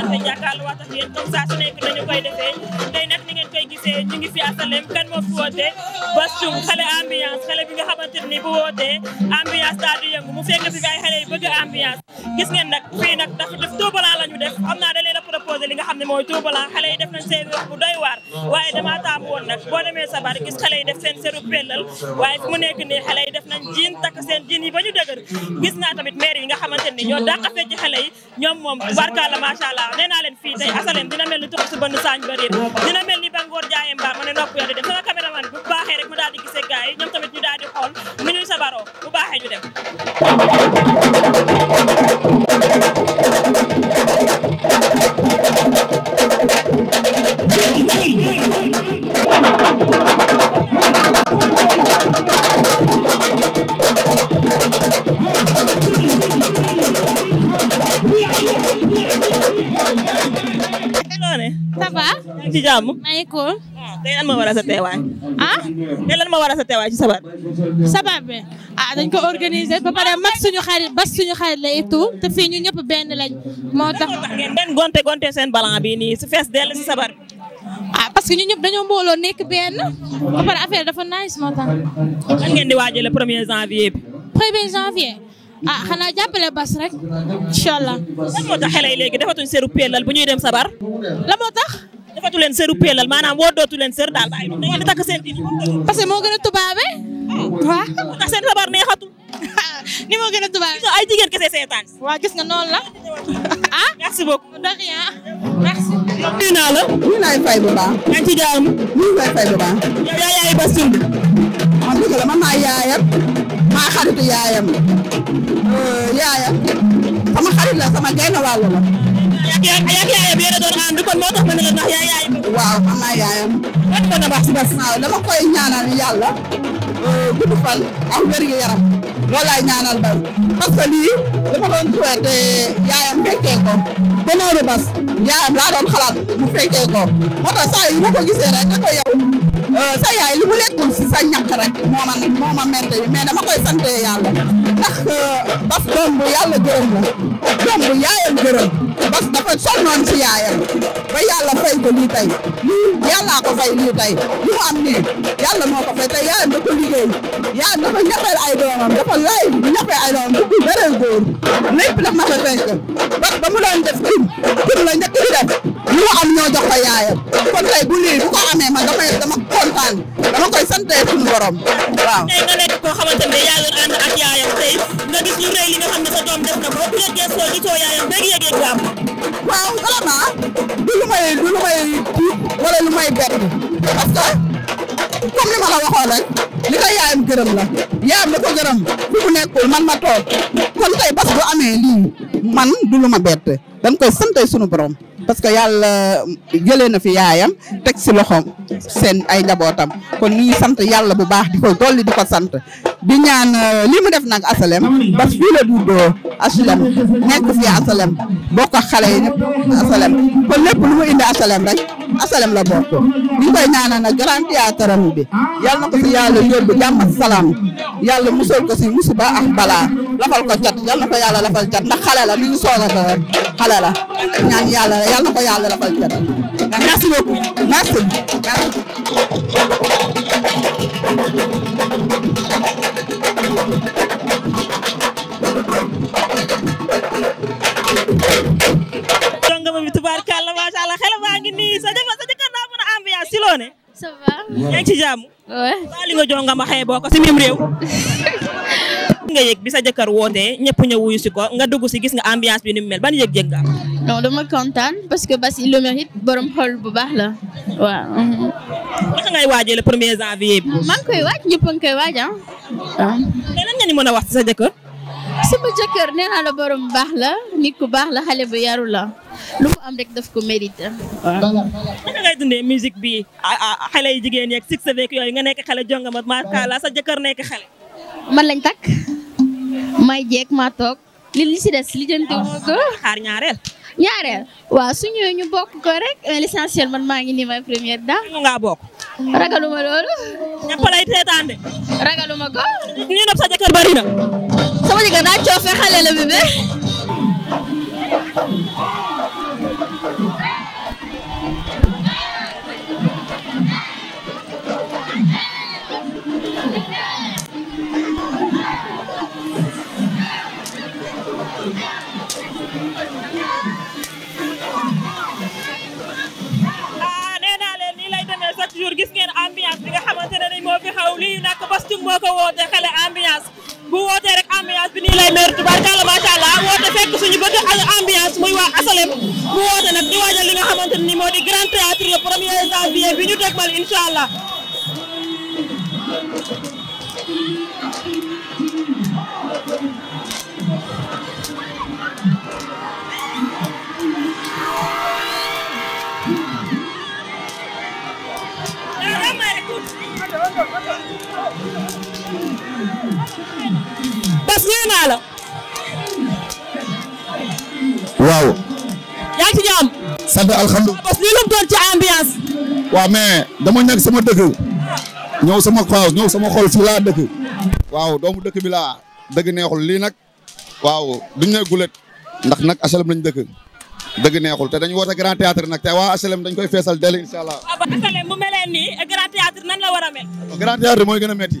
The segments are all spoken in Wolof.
kontaan te jàkkaarloo waat ak yéen comme saa su nekk nañu koy bi nga xamante ni bu wootee ambiance daal di yëngu mu fekk fi ay xale yi bëgg ambiance gis ngeen nag fii nag dafa def xam li nga xam ne mooy tuubalaa xale yi def nañ seen wax bu doy waar waaye damaa taam woon nag boo demee sabar gis xale yi def seen seru pellal waaye mu nekk nii xale yi def nañ jiin takk seen jiin yi ba ñu heure gis naa tamit maire yi nga xamante ni ñoo dàq fecc ci ñoom moom barkaala macha allah leen fii tey asaleen dina mel ni tuxu si saañ ba réer dina mel ni bangoor jaayee mbaa ma ne nopp yoo di dem sama caméraman bu baaxee rek mu daal di gisee ñoom tamit ñu daal xool mu ñuy sabaroo bu baaxee ñu dem ci jàmm. may ko. ah ma war sa teewaay. ah. tey sa teewaay ci sabar. sabar bi ah dañ ko organiser ba pare mag suñu xarit bas suñu xarit la et tout te fii ñu ñëpp benn lañ. moo tax ngeen benn gonte gonte seen balan bi nii si fees dell si sabar. ah parce que ñu ñëpp dañoo mbooloo nekk benn ba pare affaire dafa nice moo tax. lan ngeen di waajale premier janvier bi. premier janvier. ah xanaa jàppale bas rek incha léegi defatuñ seeru pelal bu ñuy dem sabar. la moo tax. defatu leen sëru peelal maanaam woo dootu leen sër daal bàyyi da ngeen di takk seen diine parce que moo gën a tubaabe oh. waaw ndax seen rabar neexatul ni moo gën a tubaabe ay jigéen kese seetaan waaw gis nga noonu la ah merci beaucoup de rien ah. merci nuyu naa la nuyu naa fay bu baax yaa ngi ci jaam nuyu naa fay bu baax yow yaa yaay Bass Thioung ah, ma dëgg la man maa yaayam maa xaritu yaayam euh, yaayam sama xarit la sama genn wàll la ak yaayam yéen a doon ànd kon moo tax ne ndax yaa waaw am naa yaayam. ma ko gisee rek euh, yàlla ndax euh, bas doom bu yàlla gërëm la doom bu yaayam gërëm. parce que dafa sonnoon ci yaayam ba yàlla fay ko lii tey lii a ko fay lii tey li mu am nii yàlla moo ko fay tey yaayam dafa liggéey yaayam dafa ñafeel ay doomam dafa lay ñafee ay doomam bu beneen góor lépp daf na ko fekk bu ko amee man damay dama kontaan dama koy sante suñu borom waaw. waaw vraiment du lu may du lu may tiit wala lu may bett parce comme li ma la waxoon rek li ko yaayam gërëm la yaayam da ko gërëm fu mu nekkul man ma toog kon tey bas bu amee lii man du lu ma bett dañ koy santay sunu borom parce que yàlla jëlee na fi yaayam teg si loxoom seen ay njabootam kon ñuy sant yàlla bu baax di ko dolli di ko sant di ñaan euh, li mu def nag asalem parce que fii la duddoo asalem nekk fii asalem bokk ak xale yi ñëpp asalem kon lépp lu mu indi asalem rek asalem la bokk ñu koy ñaanal nag grand bi yal na ko si yàlla yóbbu jàmm ak salaam yàlla musal ko si musiba ak balaa lafal ko cat yal na ko yàlla lafal cat ndax xale la li ñu soog a ko xale ñaan yàlla yal na ko yàlla lafal cat merci beaucoup merci merci jongama bi tubaarkàlla macha allah xel baa ngi nii sa jëkkër sa jëkkër daa mën yaa ngi ci jàmm. waaw li nga ko si mim réew. nga yëg bi sa jëkkër wootee ñëpp ñëw wuyu si ko nga dugg si gis nga ambiance bi ni mu mel ban yëg-yëg nga am. non dama kontaan parce que bu baax la waaw. naka ngay waajee le premier janvier bi. maa ngi koy waaj ñëpp a koy waaj ah. waaw. mais lan mën a wax si sa jëkkër. sama jëkkër nee naa la borom baax la nit la xale bu yaru la lu am rek daf ko mérite. waaw naka ngay dundee musique bi xale yi jigéen yeeg succès beeg yooyu nga nekk xale jongama macha allah sa jëkkër nekk xale. man lañ takk. may jeeg ma toog li li si des lijjantiwuma ko. Ah. xaar ñaareel. ñaareel waaw su bokk ko rek euh, l'essentiel man maa ngi nii may première dame. mu ngaa bokk. ragaluma loolu. ñëpp lay teetaan de. ragaluma ko. ñu ne sa jëkkër bari na. sama jëkkër naa coofe xale la bébé. gis ngeen ambiance bi nga xamante ne ni moo fi xaw lii nag Bastum moo ko woote xale ambiance bu wootee rek ambiance bi nii lay mel tubaarkàlla macha allah woote fekk suñu bëgg ambiance muy waa Asalem bu woote nag di waajal li nga xamante ne ni moo di grand théâtre le premier janvier bi ñu dégmal incha allah nee naa waaw. yaa ngi ci jàmm. sant alhamdulilah. parce que lii lu mu ci ambiance. waaw mais dama ñàkk sama dëkk. ñëw sama kaw ñëw sama xol fii laa dëkk. waaw doomu dëkk bi laa dëgg neexul lii nag. waaw duñ ne gulet. ndax nag HLM lañ dëkk. dëgg neexul te dañu woote grand théâtre nag te waa HLM dañ koy feesal dell incha allah. waaw ah, ba HLM bu mel nii grand théâtre nan la war mel. grand théâtre mooy gën a métti.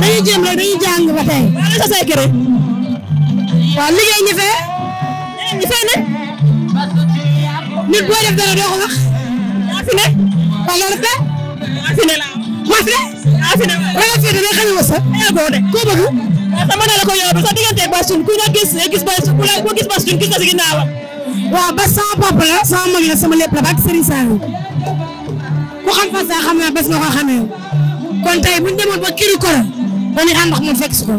dañuy jéem ba tey. waaw sa secret. waaw liggéey ñi fee. ñi fee nit boo def dara doo ko wax. yaa fi ne. waaw loolu de. yaa ne koo bëgg. sama ne la ko yóbbu sa diggante Bass Thioune ku la gis gis Bass ku la gis Bass Thioune gis na si ginnaawam. waaw ba sama bopp la sama mag la sama lépp la ba ak Serigne Saliou ku xam Fass xam naa bés nga ko xamee kon tey bu ñu demoon ba kiri dañuy ànd ak moom fekk si ko.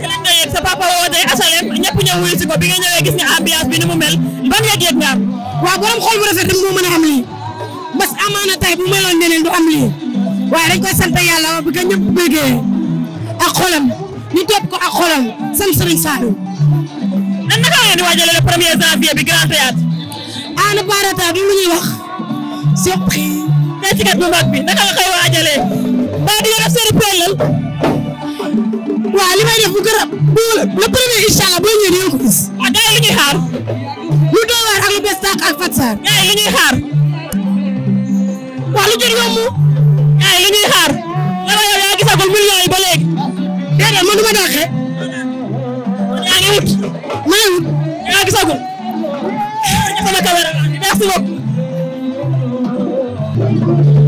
yéen nga yëg sa papa woo tey asalem ñëpp ñëw wuyu si ko bi nga ñëwee gis nga ambiance bi ni mu mel ban yëg-yëg nga am. waaw borom xol bu rafet dem moo mën a am lii bas amaana tay bu meloon neneen du am lii waaye dañ koy sant yàlla bi ko ñëpp bëggee ak xolam ñu topp ko ak xolam sant Serigne Saliou. nan naka ngeen di waajale le premier janvier bi grand théâtre. ah ne pas retard du lu ñuy wax. surprise. tey ci kat bu mag bi naka nga koy waajalee. ba di nga def seen i waaw li may def bu gërëm bu le premier incha allah boo ñëwee dina ko gis. ah gars yi lu ñuy xaar. lu doy waar ak lu bees tàq ak Fatou Sarr. gars yi lu ñuy xaar. wax lu jot yomb. gars yi lu ñuy xaar. yow yow yaa gisagul millions yi ba léegi. déedéet man du ma dàqee. yaa ngi wut. maa ngi wut. yaa gisagul. sama caméra merci beaucoup.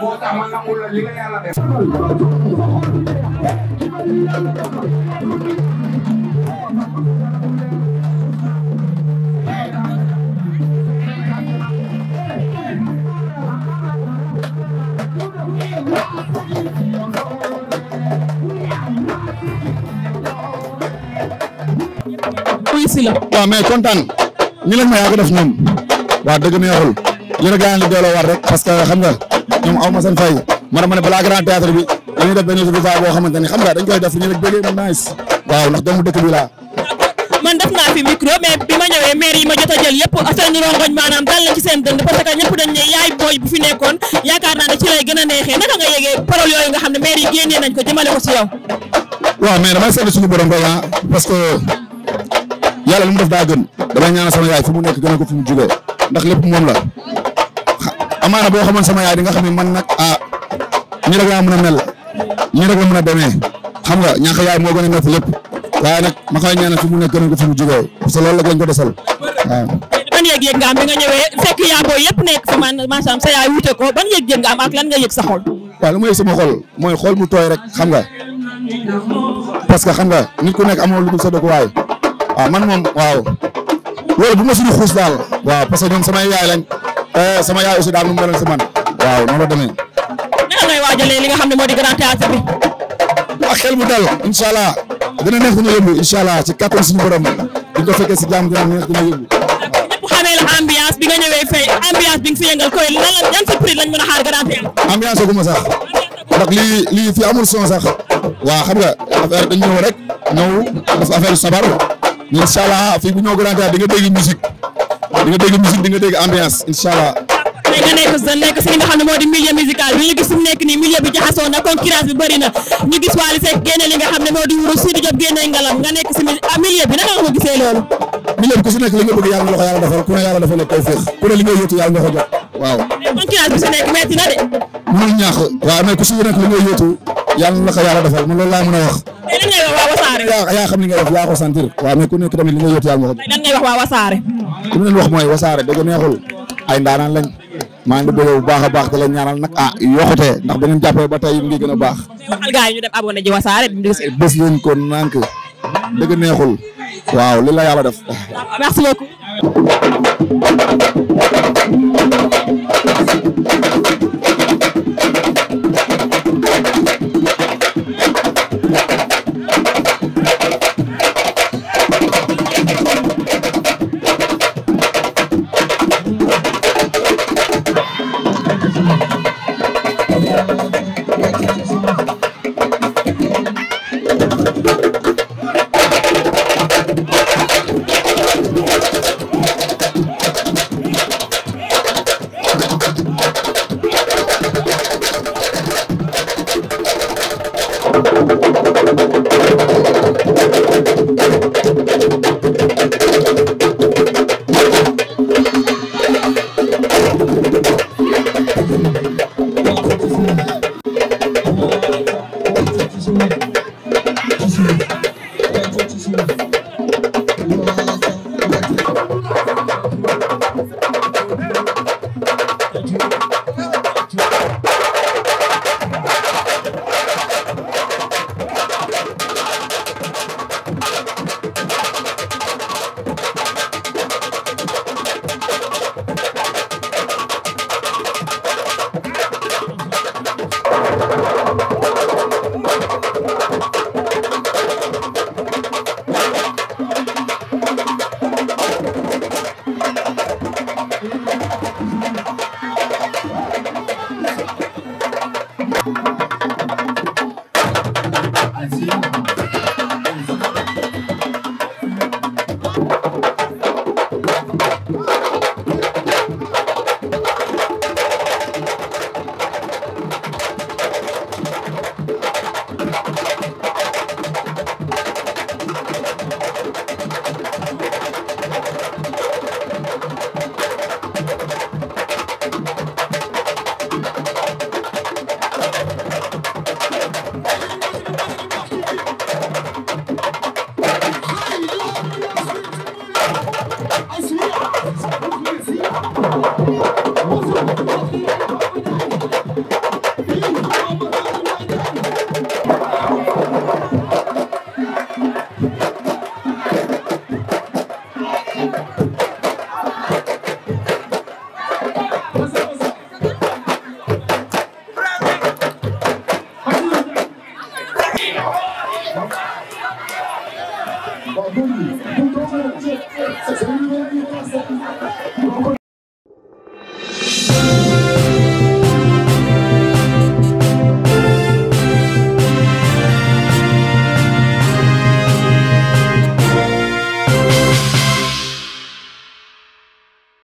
moo tax ma nangul la li nga yàlla def waaw mais kontaan ni lañ ma yaa ko def ñoom waa dëgg neexul yéen a gaañ la dooloo war rek parce que xam nga ñoom aw ma seen a ma ne balaa grand théâtre bi dañuy def benn jour boo xamante ni xam nga dañ koy def ñu nag bëggee mu nice waaw ndax doomu dëkk bi laa man def naa fi micro a seen dënd parce que ñëpp dañ yaay booy bu fi nekkoon yaakaar naa ne ci lay gën a neexee naka nga yegee parole yooyu nga xam ne maire yi génnee nañ ko jëmale ko si yow waaw mais damay seetlu suñu borom rek ah parce que yàlla lu mu def daa gën damay ñaanal sama yaay fu mu nekk gën a ko fu mu jugee ndax lépp moom la amaana boo xamoon sama yaay di nga xam ne man nag ah ñi rek laa mën a mel ñi rek la mën a xam nga ñàkk yaay moo gën a nekk lépp waaye ma koy ñaanal fi mu a ko fi mu jógee parce la lañ ko desal waaw. ban yëg-yëg nga am sa yaay wuute ko ban yëg-yëg nga am ak lan nga yëg sa xol. waaw lu ma mu tooy rek xam nga parce que xam nga nit ku nekk amoo lu dul sa dëkkuwaay waaw moom waaw loolu ma suñu xuus daal yaay lañ Eh, sama yaay aussi daa am lu mu meloon si man waaw noonu la demee. naka ngay waajalee li nga xam ne moo di grand théâtre a ah, waaw xel mu dal incha allah dina neex dina yëngu incha allah ci kattan suñu borom di ko fekkee si jàmm dina neex dina yëngu. bu xamee la ambiance nga ñëwee fay ambiance bi nga fi yëngal koy lan la yan surprise lañ mën a xaar grand théâtre. ambiance sax ndax lii fi amul son sax waaw xam nga affaire dañ ñëw rek ñëw def affaire sabar incha allah di nga dégg musique di dégg ambiance incha nga nekk sa nekk si nga xam ne moo di milieu musical bi ñu gis fi mu nekk nii milieu bi jaxasoo na concurrence bi bëri ñu gis Wally Seck li nga xam ne moo di wuro Sidy Diop génne ngalam nga nekk si milieu ah, bi naka nga ko loolu. milieu bi ku si nekk li nga bëgg yàlla na loxo yàlla defal ku ku na de. mënul ñaax waaw mais ku si li nga yóotu yàlla na la ko yàlla defal man loolu laa mën a wax. wasaare yaa xam li nga def yaa ko sentir waaw mais ku nekk tamit li nga yóot yàlla moo ko lan ngay wax waa wax mooy wasaare dëgg neexul ay ndaanaan lañ maa ngi bëgg bu baax a baax da la ñaanal nag a ah, yokkutee ndax ba ngeen jàppee ba tey mu ngi gën a baax waxal gars yi ñu dem abonné ji wasaare bés leen ko nànk neexul waaw li la yàlla def merci Thank you. Thank you.